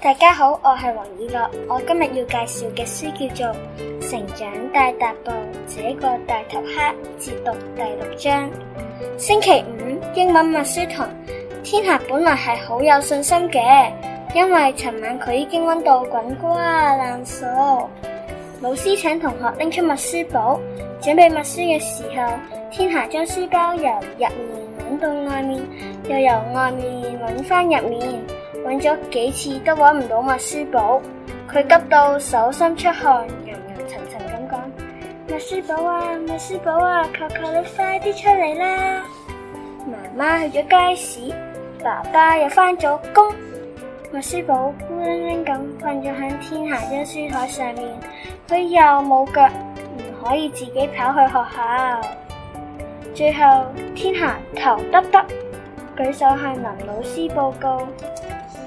大家好，我係黃以諾，我今日要介紹嘅書叫做《成長大踏步》，這個大頭蝦節錄第六章。星期五英文默書堂，天下本來係好有信心嘅，因為尋晚佢已經溫到滾瓜爛熟。老師請同學拎出默書簿，準備默書嘅時候，天下將書包由入面揾到外面，又由外面揾翻入面。揾咗幾次都揾唔到默書簿，佢急到手心出汗，潤潤潤沉沉咁講：默書簿啊，默書簿啊，求求你快啲出嚟啦！媽媽去咗街市，爸爸又返咗工，默書簿孤零零咁瞓咗喺天下張書台上面，佢又冇腳，唔可以自己跑去學校。最後，天下頭耷耷。舉手向林老師報告，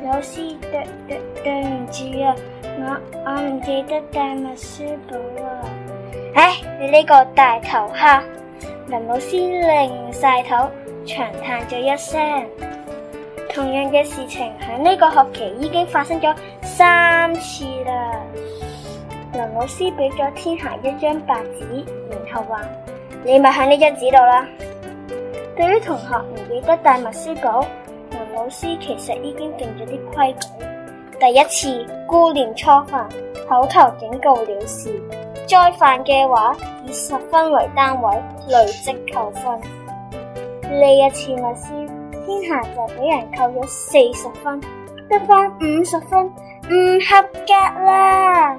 老師，對對對唔住啊，我我唔記得帶默書簿啊！唉、哎，你呢個大頭蝦！林老師擰晒頭，長嘆咗一聲。同樣嘅事情喺呢個學期已經發生咗三次啦。林老師俾咗天恒一張白紙，然後話：你咪喺呢張紙度啦。對於同學唔記得帶默書稿，林老師其實已經定咗啲規矩。第一次顧念初犯，口頭警告了事；再犯嘅話，以十分為單位累積扣分。呢一次默書天下就俾人扣咗四十分，得返五十分，唔合格啦。